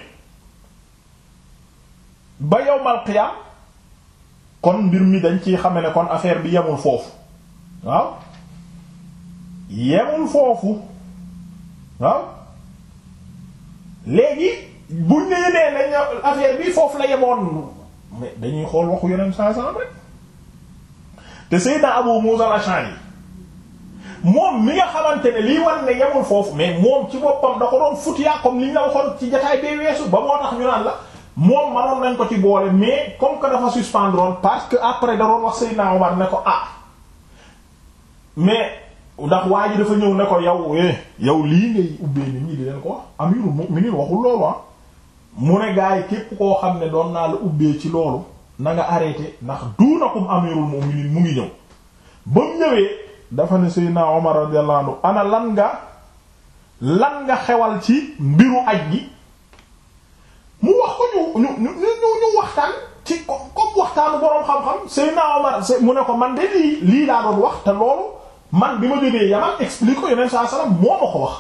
ba yowmal qiyam kon mbir mi dañ ci xame ne kon affaire bi yemul foofu waaw yemul foofu waaw léegi buñ ne nee nañ affaire bi foofu la yamoon mais dañuy xool waxu yeneen saa saa rek te Seydina Abu Muusa al-Ash'ari moom mi nga xamante ne liy war ne yemul foofu mais moom ci boppam da ko doon futiyaa comme li ñu la waxoon ci jotaay bee weesu ba moo tax ñu naan la moom manoon nañ ko ci boole mais comme que dafa suspendre woon parce que après da doon wax Seydina Omar ne ko ah mais. ndax waa ji dafa ñëw ne ko yow eh, yow lii ngay ubbee nit ñi di leen ko wax amirul mu'minin waxul loolu ah mu ne gaa képp koo xam ne doon naa la ubbee ci loolu na nga arrêté ndax duunakum amirul mu'minin mu ngi ñëw ba ñëwee dafa ne Seydina Omar radiyallahu anhu ana lan nga lan nga xewal ci mbiru aj gi mu wax ko ñu ñu ñu ñu waxtaan ci comme waxtaanu boroom xam-xam Seydina Omar mu ne ko man de lii lii daa doon wax loolu man bi ma jógee yaman explique ko yeneen saa salaam moo ma ko wax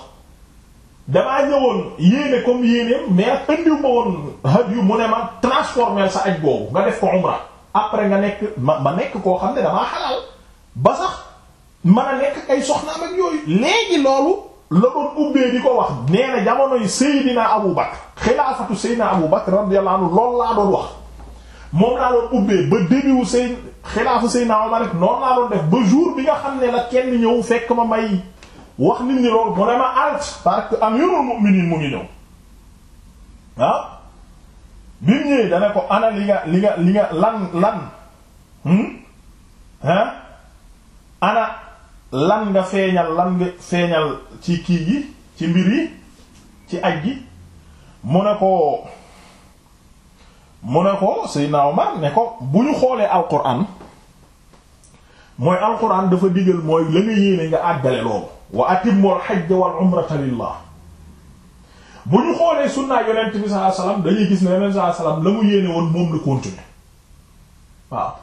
damaa ñëwoon yéene comme yéeneem mais andiw ma woon haj yu mu ne ma transformer sa aj boobu nga def ko umra nga nekk ma ma nekk koo xam ne damaa xalaal ba sax man a ay soxnaam ak yooyu léegi loolu la doon ubbee di ko wax nee na jamonoy Seydina Abu Bakr xilaafatu Seydina Abu Bakr radiyallahu anhu lool laa doon wax moom laa doon ubbee ba début wu sëy xilaafu Seydina Omar rek noonu laa doon def ba jour bi nga xam ne la kenn ñëw fekk ma may wax nit ñi loolu mu ne ma alt parce mu ah? ko ana li nga li nga li nga lan lan hmm? hein ana lan nga feeñal lan nga feeñal ci kii yi ci mbir yi ci aj gi mu ne ko mu ne ko Seydina Omar ne ko bu ñu xoolee alquran mooy alquran dafa digal mooy la nga yéene nga àggale loolu wa atimmul hajja wal umrata lillah bu ñu xoolee sunnaa yonent bi sallallahu alayhi wasallam dañuy gis ne yonent bi sallallahu la mu yéene woon moom la continuer waaw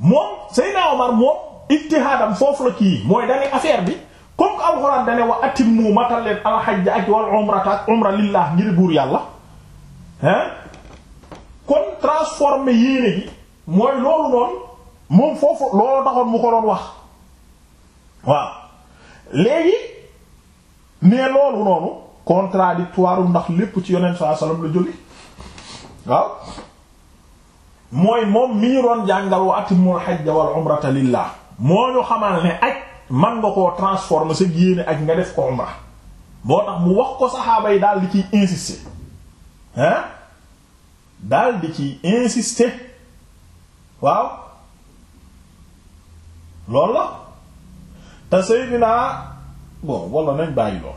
moom Seydina Omar moom ijtihaadam foofu la kii mooy dane affaire bi comme alquran dane wa atimmu matal leen ak wal umrata ak umra lillah ngir buur yàlla hein kon transformer yéene bi mooy loolu noonu moom foofu looloo taxoon mu ko doon wax waaw léegi mais loolu noonu contradictoire ndax lépp ci yonent sallallahu alayhi la jóge waaw mooy moom mi ñu doon jàngal wa atimul hajja wal umrata lillah moo ñu xamal ne aj man nga koo transformer sa yéene aj nga def ko umra boo tax mu wax ko saxaaba yi daal di ciy insister hein daldi ci insister waaw loolu la te Seydina bon walla nañ bàyyi lool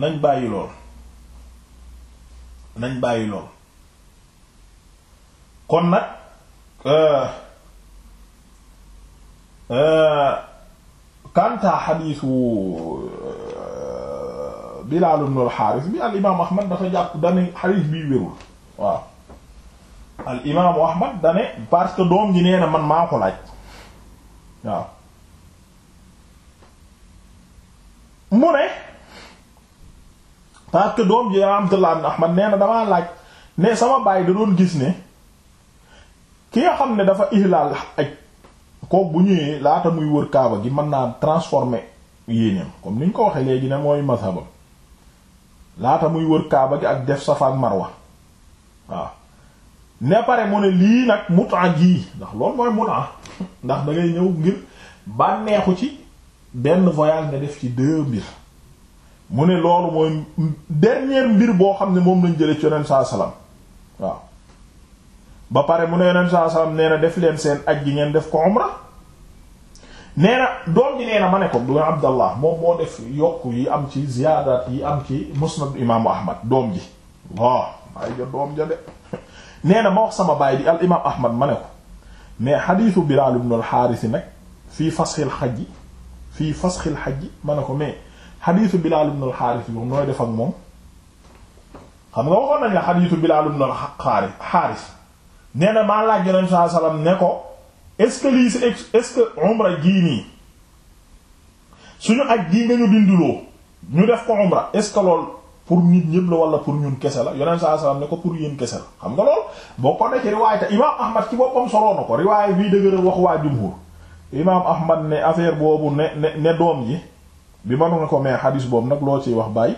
nañ bàyyi lool nañ bàyyi lool kon nag kanta euh, euh, xadiisu Bilaal ibn al-Haaris bi al imaamu Ahmad dafa jàpp dane xadiis bi wérul waaw al imaamu Ahmad dane parce que doom yi nee na man maa ko laaj waaw mu ne parce que doom ji Abdullah ibn Ahmad nee na damaa laaj ne sama baay da doon gis ne ki nga xam ne dafa ihlaal aj kook bu ñëwee laata muy wër kaaba gi mën naa transformer yéenéem comme ni ko waxee léegi ne mooy mazhabam laata muy wër kaaba gi ak def safa ak marwa waaw ne pare mu ne lii nag mutaa gii ndax loolu mooy mutaa ndax da ñëw ngir bànneexu ci benn voyage nga def ci deux mbir mu ne loolu mooy dernier mbir boo xam ne moom lañ jële ci yonent saa salaam waaw ba pare mu ne yonent saa salaam nee def leen seen aj gi ngeen def ko umra nee na doom ji nee na ma ne ko du moo yokk yi am ci ziyaadaat yi am ci musnad imaamu Ahmad doom ji waaw maa ngi jot doom ja de nee ma wax sama baay di al imaam Ahmad ma ne ko mais xadiisu Bilaal ibn al-Haaris nag fii fasxil xajji fii fasxil ma ne ko mais xadiisu Bilaal ibn al-Haaris bi nooy def moom xam nga waxoon nañ la xadiisu Bilaal ibn al-Haaris na maa laaj Yonent sallallahu alayhi ne ko. est-ce que lii si est-ce que umra gii nii suñu aj gii nga ñu dindiloo ñu def ko umra pour nit ñëpp la wala pour ñun kese la yonent saa salaam ne ko pour yéen kese la xam nga lool boo ko nekk riwaay te imaam Ahmad ci boppam soloo na ko riwaay bii dëgëral wax waa jumhur imaam Ahmad ne affaire boobu ne ne doom ji bi manu ne ko mais xadiis boobu nag loo ciy wax bàyyi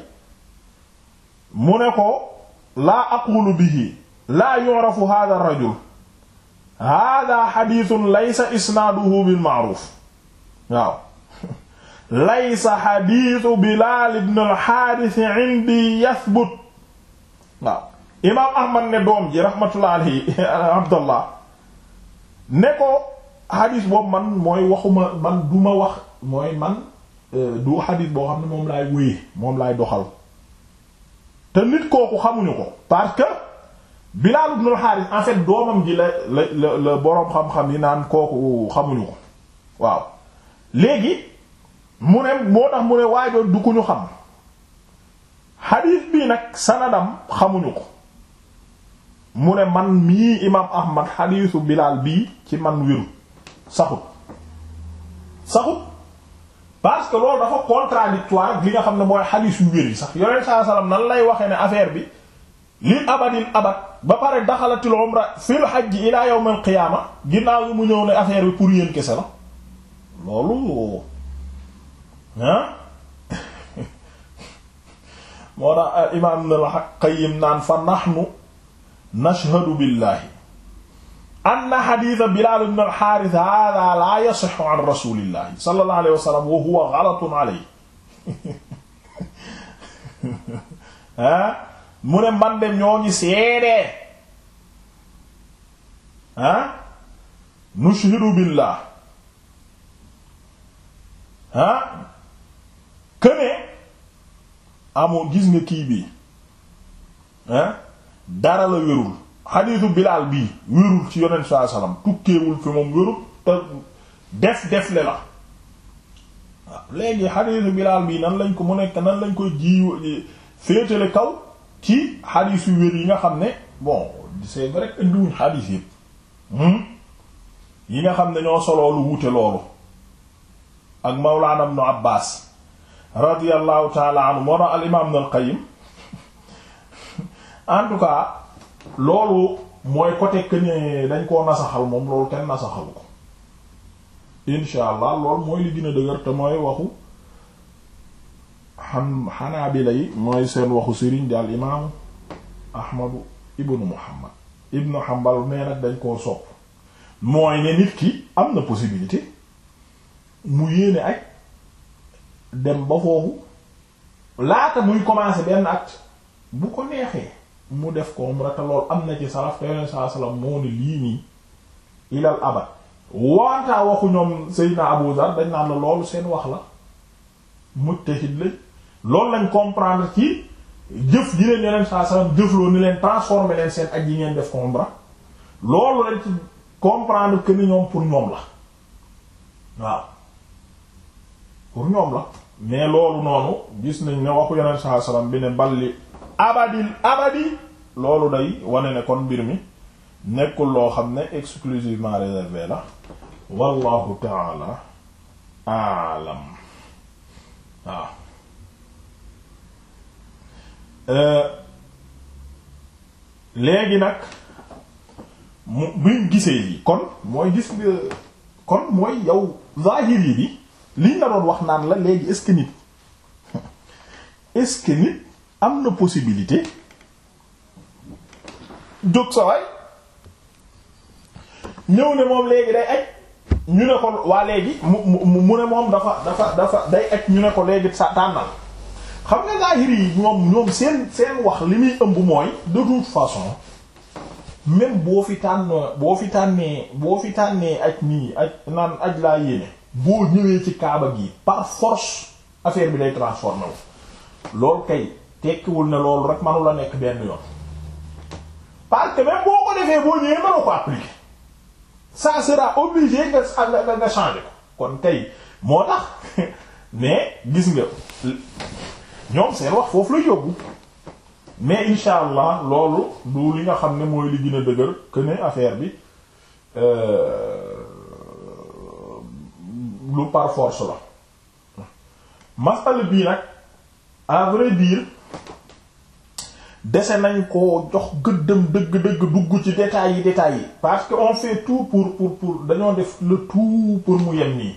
mu ne ko laa aqulu bihi laa yu'rafu hadha ar-rajul hada xadiisun laysa isnaaduhu bil ma'ruf waaw laysa xadiisu bilaal ibn alxaaris indi yathbut waaw imaam ahmad ne doom ji rahmatullah alayhi abdallah ne ko xadiis boobu man mooy waxuma man du ma wax mooy man euh, du xadiis boo xam ne moom laay wéye moom laay doxal te nit kooku xamuñu ko parce que Bilaal ibn al-Haaris en doomam ji la la la boroom xam-xam yi naan kooku xamuñu ko waaw léegi mu ne moo tax mu ne waajoon du ku ñu xam xadiis bii nag sanadam xamuñu ko mu ne man mii imaam Ahmad xadiisu Bilaal bii ci man wiru saxut saxut parce que loolu dafa contradictoire li nga xam ne mooy xadiis yu wér yi sax yoneen saa salaam nan lay waxee ne affaire bi li abadil abad ba pare daxalatil umra fil hajj ila yawm al qiyaama ginnaaw yi mu ñëw ne affaire bi pour yéen kese la loolu ah moo tax euh, imaam Ibn al-Qayyim naan fa nahnu nashhadu billahi anna haditha Bilal ibn al-Harith hadha la yasihhu an rasulillahi sallallahu alayhi wa sallam wa huwa ghalatun alayhi ah mu ne man ñoo ngi seedee ah nushhidu billah ah këne amoo gis nga kii bi ah dara la wérul xadiisu bilaal bii wérul ci yonent saa salaam tukkeewul fi moom wérul def defle la léegi xadiisu bilaal bii nan lañ ko mu nekk nan lañ koy jiiw féetale kaw ci xadiis wér yi nga xam ne bon c'est vrai que indiwuñ xadiis hmm? yi nga xam ne ñoo solo lu wuute loolu ak mawlaana ibnu Abbaas radiyallahu taala anhu moo al imaam Ibnul Qayyim en tout cas loolu mooy côté que ne dañ koo nasaxal moom loolu kenn nasaxalu ko incha allah mooy li gën a mooy waxu xam bila yi mooy seen waxu sëriñ di al imaamu ahmadu ibnu muhammad ibnu hambal nee dañ koo sopp mooy ne nit ki am na possibilité mu yéene ak dem ba foofu laata muy commencé benn acte bu ko neexee mu def ko umra lool am na ci salaf te yoneen saa sallam moo ne lii nii ilal abad waantaa waxu ñoom Seydina Abu Zar dañ naan la loolu seen wax la muttahid lañ loolu lañ comprendre ci jëf ji leen yeneen saa salaam jëfloo ni leen transformer leen seen aj yi ngeen def combre loolu lañ comprendre que ñoom pour ñoom la waaw pour ñoom la mais loolu noonu gis nañ ne waxu yeneen saa salaam bi ne balli abadil abadi loolu day wane ne kon mbir mi nekkul loo xam ne exclusivement réservé la wallahu taala alam waaw Euh, léegi nag mu buñ gisee yi kon mooy gis nga kon mooy yow zahir yi bi liñ la doon wax naan la léegi est-ce am na possibilité jóg sa ñëw ne moom léegi day aj ñu ne ko waa léegi mu mu mu ne moom dafa dafa dafa day aj ñu ne ko léegi sa tànnal xam nga zaahiri yi ñoom ñoom seen seen wax li muy ëmb mooy de toute façon même boo fi tànn boo fi tànnee boo fi tànnee ak nii aj naan aj laa yéene boo ñëwee ci kaaba gi par force affaire bi day transformé wu loolu kay tekkiwul ne loolu rek manu nekk benn yoon parce que boo ko defee boo ñëwee mënu ko appliquer ça sera obligé nga nga changer ko kon tey moo tax mais gis nga ñoom seen wax foofu la yóbbu mais insha allah loolu du li nga xam ne mooy li gën a dëgër que ne affaire bi euh, lu par force la masala bii nag à vrai dese nañ ko jox gëddëm dëgg-dëgg dugg ci détails yi détails yi parce que on fait tout pour pour pour dañoo def le tout pour mu yem nii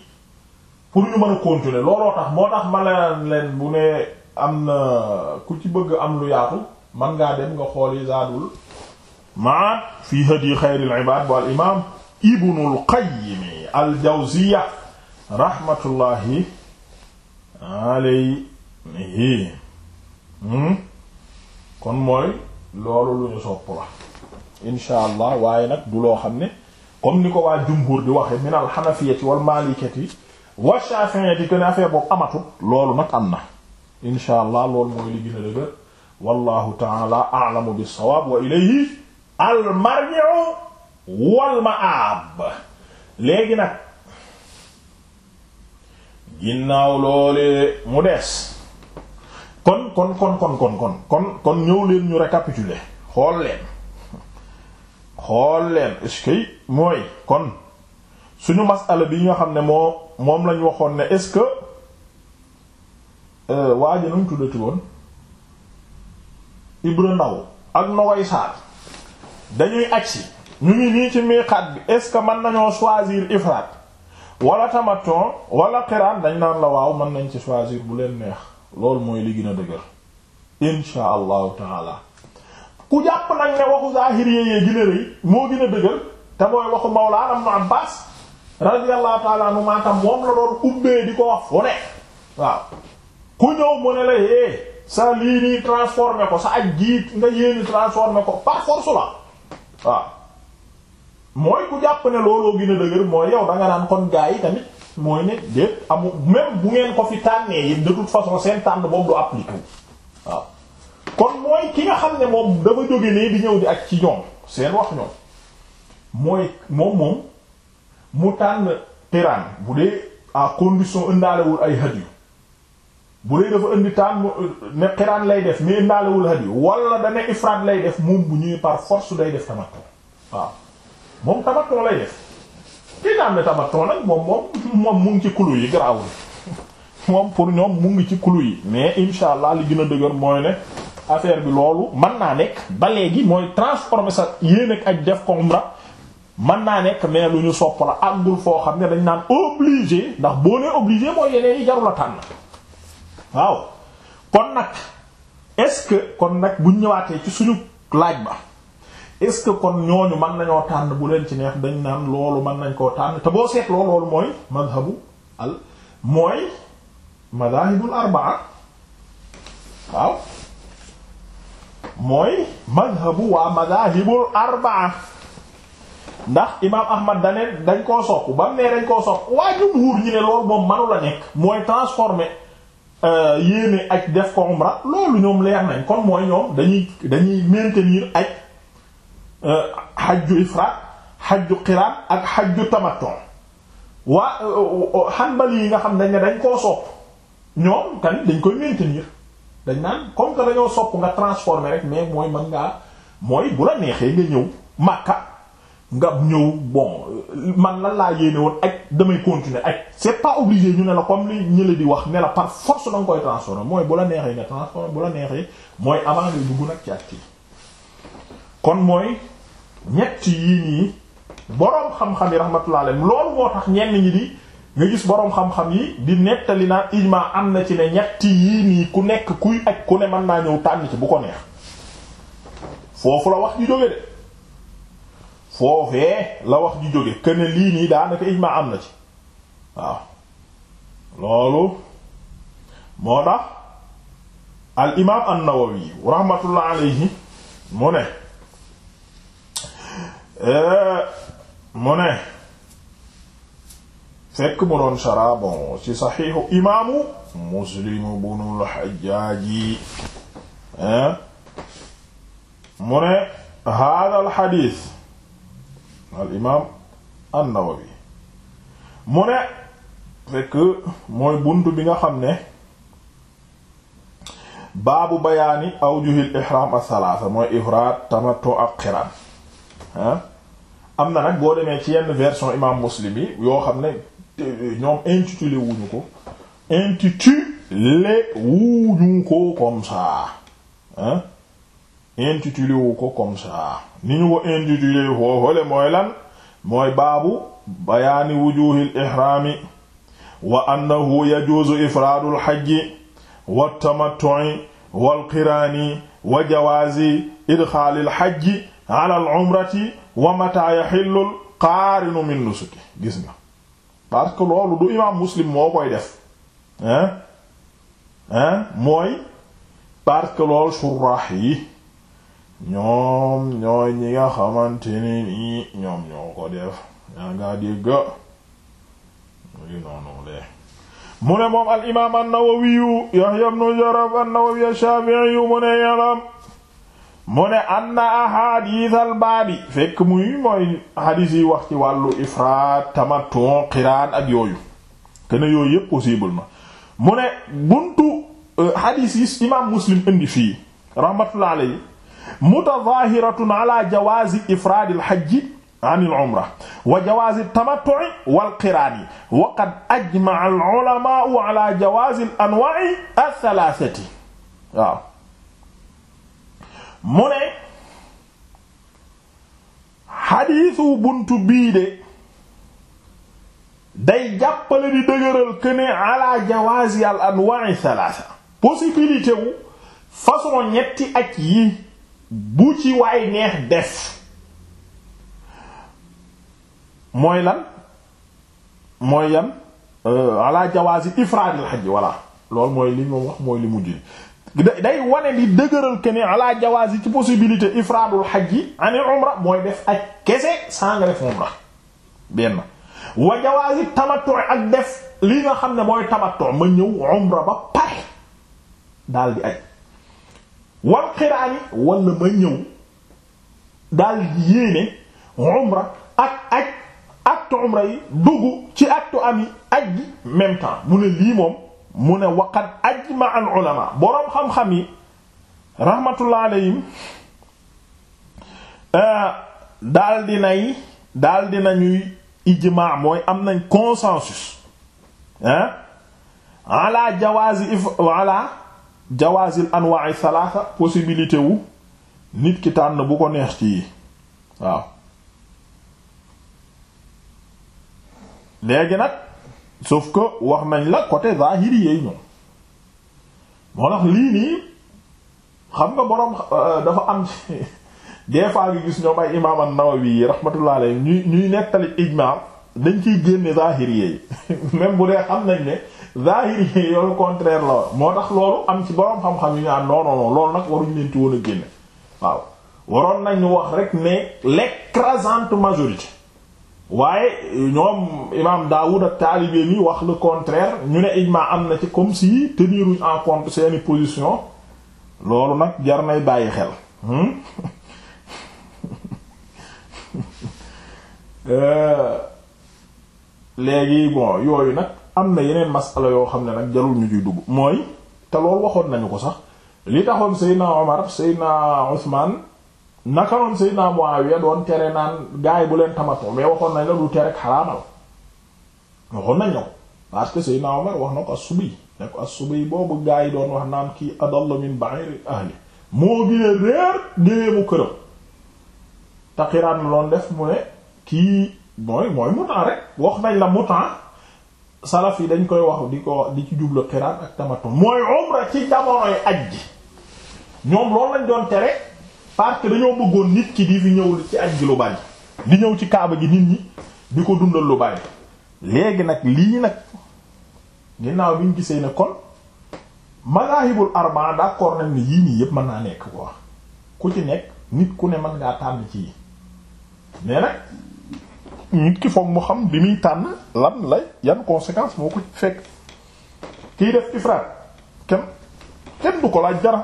pour ñu mën a continuer looloo tax moo tax ma leen leen bu ne am na ku ci bëgg am lu yaatu man ngaa dem nga xooli zaadul maat fi hadi xayril ibaad wal imaam ibnul hmm? kon mooy loolu lu ñu sopp la insha allah waaye nag du loo xam ne comme ni ko waa jumhur di waxe min al xanafiyati wal maalikati wa shafi'iyati ko ne affaire boobu amatut loolu nag am na incha allah lool mooy li gën a dëgër wallahu taala a'lamu bis-sawaab wa ilayhi al-marji'u wal léegi nag ginnaaw loole mu des kon kon kon kon kon kon kon kon ñëw leen ñu récapituler xool leen xool leen est mooy kon suñu masala bi ñoo xam ne moo moom lañ waxoon ne est-ce que Euh, waa ji nu mu tuddati woon Ibra Ndaw ak Nogoy Sarr dañuy agsi ñu ngi nii ci miiqaat bi est ce que mën nañoo choisir ifraat wala tamattu wala xiraan dañ naan la waaw mën nañ ci choisir bu leen neex loolu mooy li gën a dëgër insha allahu taala ku jàpp nag ne waxu zahiri yee gën rëy moo gën a dëgër te mooy waxu Mawlaana Ibn Abbaas radiyallahu taala anhu maatam moom la doon ubbee di ko wax fu ne waaw ku ñëw mu ne la hé eh, sa lii nii transformé ko sa ak jiit nga yéeni transformé ko par force la waaw mooy ku jàpp ne looloo gën a dëgër mooy yow da naan kon gaa yi tamit mooy ne déet amul même bu ngeen ko fi tànnee yéen de façon seen tànn boobu du appliqué waaw kon mooy ki nga xam ne moom dafa jóge ne di ñëw di ak ci ñoom seen wax ñoom mooy moom moom mu tànn terrain bu dee condition ëndaalewul ay hadiyu bu dee dafa indi taan ne xiraan lay def mais indaalewul hadi wala da ne ifraat lay def moom bu ñuy par force day def tamattu waaw moom tamattu lay def ki moom moom moom mu ngi ci kulu yi garaawul moom pour ñoom mu ngi ci kulu yi mais insha allah li gën a dëgër mooy ne affaire bi loolu mën naa nekk ba léegi mooy transformer sa yéen ak ak def ko umra mën naa nekk mais lu ñu sopp la àggul foo xam ne dañ naan obligé ndax boo ne obligé mooy yeneen waaw kon nag est-ce que kon nag buñ ñëwaatee ci suñu laaj ba est-ce que kon ñooñu man nañoo tànn bu leen ci neex dañ naan loolu man nañ koo tànn te boo seetloo loolu mooy madhabu al mooy madahibul arbaa waaw mooy madhabu waa madahibul arbaa ndax imam ahmad dane dañ koo sopp ba mu dañ koo sopp waa jumhuur ñi ne loolu moom manu la nekk mooy transformer Euh, yéene aj def ko umra loolu ñoom leer nañ kon mooy ñoom dañuy dañuy maintenir aj xajju euh, ifraat xajju qiraan ak xajju tamattu waa euh, hanbali yi nga xam dañ dañ koo sopp ñoom kan dañ koy maintenir dañ naan comme que dañoo sopp nga transformer rek mais mooy mën ngaa mooy bu la neexee nga ñëw Makka nga ñëw bon man lan laa yéene woon ak damay continuer ak c'est pas obligé ñu ne la comme li ñële di wax ne la par force da nga koy transformer mooy bu la neexee nga transformer bu la neexee mooy avant ngay dugg nag ci ak ci kon mooy ñett yii nii boroom xam-xam yi rahmatullah alayhi loolu moo tax ñenn ñi di nga gis boroom xam-xam yi di nettali naa ijma am na ci ne ñett yii nii ku nekk kuy ak ku ne man naa ñëw tànn ci bu ko neex foofu la wax ñu jóge de foofee la wax ji jóge këne lii nii daanaka ijmaa am na ci waaw loolu moo tax al imaam an-Nawawi rahmatullah alayhi mu ne eh, mu ne fekk mu doon shara bon ci saxiixu imaamu Muslim ibnul Hajjaaji eh, mu ne haadal xadiis al imaam an-Nawawi mu ne fekk mooy bunt bi nga xam ne baabu bayaani awjuhil ihram as-salaasa mooy ifraat tamattu ak xiraan am na nag boo demee ci yenn version imam Muslim yi yoo xam ne ñoom intitulé wuñu ko intitulé wuñu ko comme ça intitulé wu ko comme ça ni ñu ko intitulé foofale mooy lan mooy baabu bayaani wujuhil ihraami wa annahu yajuuzu ifraadul hajji wa tamattu'i wal qiraani wa jawaazi idxaalil hajji alal umrati wa mataa yaxillul qaarinu min nusuki gis nga parce que loolu du imaam muslim moo koy def hein hein mooy parce que loolu surraax yi ñoom ñooy ñi nga xamante ñoom ñoo ko def yaa ngaa dégg muy noonu le mu ne moom al imaam Yahya ibn Jaraf an-Nawawi mu ne yalam mu ne anna ahadith al-baabi fekk muy mooy hadith yi wax ci wàllu ifraat tamattu qiraan ak yooyu kena yooyu yépp possible mu ne buntu euh, hadith yi imaam Muslim indi fii rahmatullahi alayhi mutadaahiratun ala jawaazi ifraadil hajji anil umra wa jawaazi tamattu'i wal qiraani wa ala jawaazi al buntu bii day jàppale di dëgëral que ala jawaazi al anwaa'i thalaatha possibilité wu façon bu ci waay neex def mooy lan mooy yan euh, ala jawaasi ifraadil xaj voilà loolu mooy li ñu wax mooy li mujj day wane di dëgëral que ne jawaasi ci possibilité ifraadul xaj yi ani umra mooy def ak kese saa nga def umra benn wa jawaasi tamattu ak def li nga xam ne mooy tamattu ma ñëw umra ba pare daal di aj wal xiraani wala ma ñëw daal yéene umra ak aj acte umra yi dugg ci acte am yi aj gi même temps mu ne lii moom mu ne waqad ajma al ulama boroom xam-xam yi rahmatullah alayhim euh, daal di nañuy ijma mooy am nañ consensus ah jawaazi if ala jawaasil anwa'i salaasa possibilité wu nit ki tànn bu ko neex ci yi waaw léegi nag sauf que wax nañ la côté zahiri yeey ñoom moo tax lii nii xam nga boroom euh, dafa am des fois gi gis ñoom ay imaam nawawi rahmatullah alayhi ñuy ñuy nettali ijmaa dañ ciy génne zahiri yeey bu dee xam nañ ne zahiri yi yooyu contraire la moo tax loolu am ci boroom xam-xam yu ñu am non non non loolu nag waruñu leen ci a génne waaw waroon nañu wax rek ne l'écrasante majorité waaye ñoom imaam Daoud ak taalibe mi wax le contraire ñu ne ijmaa am na ci comme si teniruñ en compte seeni position loolu nag jar nay bàyyi xel hmm? euh, léegi bon yooyu nag am na yeneen masala yoo xam ne nag jarul ñu ciy dugg mooy te loolu waxoon nañu ko sax li taxoon Seydina Omar Seydina Ousmane naka noon Seydina Muawiya doon tere naan gaay bu leen tamatoo mais waxoon nañ la du tere ak xaraamal waxoon nañ la parce que Seydina Omar wax na ko as-subi ne ko as-subi kii adalla min ba'ir ahli moo gën a réer këram taqiraan loon def mu ne kii mooy mooy mutaa rek wax nañ la mutaa salaf yi dañ koy wax di ko di ci jublu xiraan ak tamaton mooy umra ci jamonoy aj ji ñoom loolu lañ doon tere parce dañoo bëggoon nit ki di fi ñëw ci aj ji lu bari di ñëw ci kaaba gi nit ñi di ko dundal lu bari léegi nag lii nag ginnaaw bi ñu gisee ne kon mazahibul arba d'accord nañ ne yii nii yépp mën naa nekk quoi ku ci nekk nit ku ne mën ngaa tànn ci yi mais nag nit ki foog mu xam bi muy tànn lan la yan conséquence moo ko fekk kiy def ifraat kenn kenn du ko laaj dara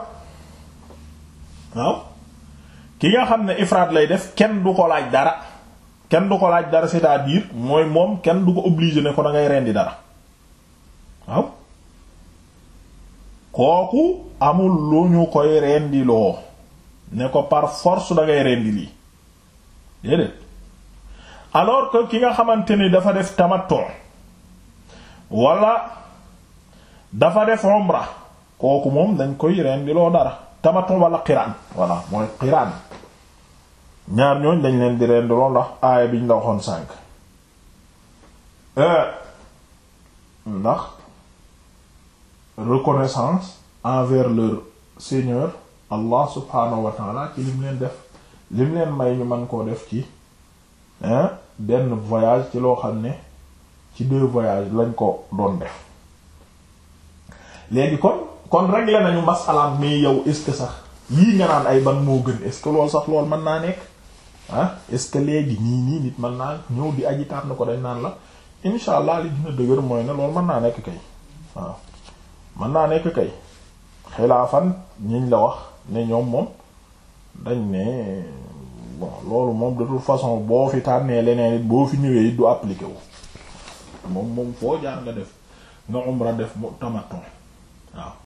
waaw ki nga xam ne ifraat lay def kenn du ko laaj dara kenn du ko laaj dara cest à mooy moom kenn du ko obligé ne ko da ngay rendi dara waaw kooku amul lu ñu koy rendiloo ne ko par force da ngay rendi lii déedéet alors que ki nga xamante ni dafa def tamattu wala dafa def umra kooku moom dañ koy rendi loo dara tamattu wala qiraan voilà mooy qiraan ñaar ñooñ dañ leen di rendi loo ndax aaya biñ loxoon waxoon sànk euh, ndax reconnaissance envers leur Seigneur Allah subhanahu wa ta'ala ci lim leen def lim leen may ñu mën koo def ci hein benn voyage ci loo xam ne ci deux voyages lañ ko doon def léegi kon kon réglé nañu masalaam mais yow est-ce sax yii nga naan ay ban moo gën est-ce sax loolu mën naa nekk ah est-ce que léegi nii nii nit mën naa ñëw di aji taat na ko dañ naan la insha allah dina dëgër mooy ne loolu mën naa nekk kay waaw mën naa nekk kay fan ñiñ la wax ne ñoom moom dañ ne bon loolu moom de toute façon boo fi tànnee leneen boo fi ñëwee it du appliqué moom moom foo jaar nga def nga umra def mu tamaton waaw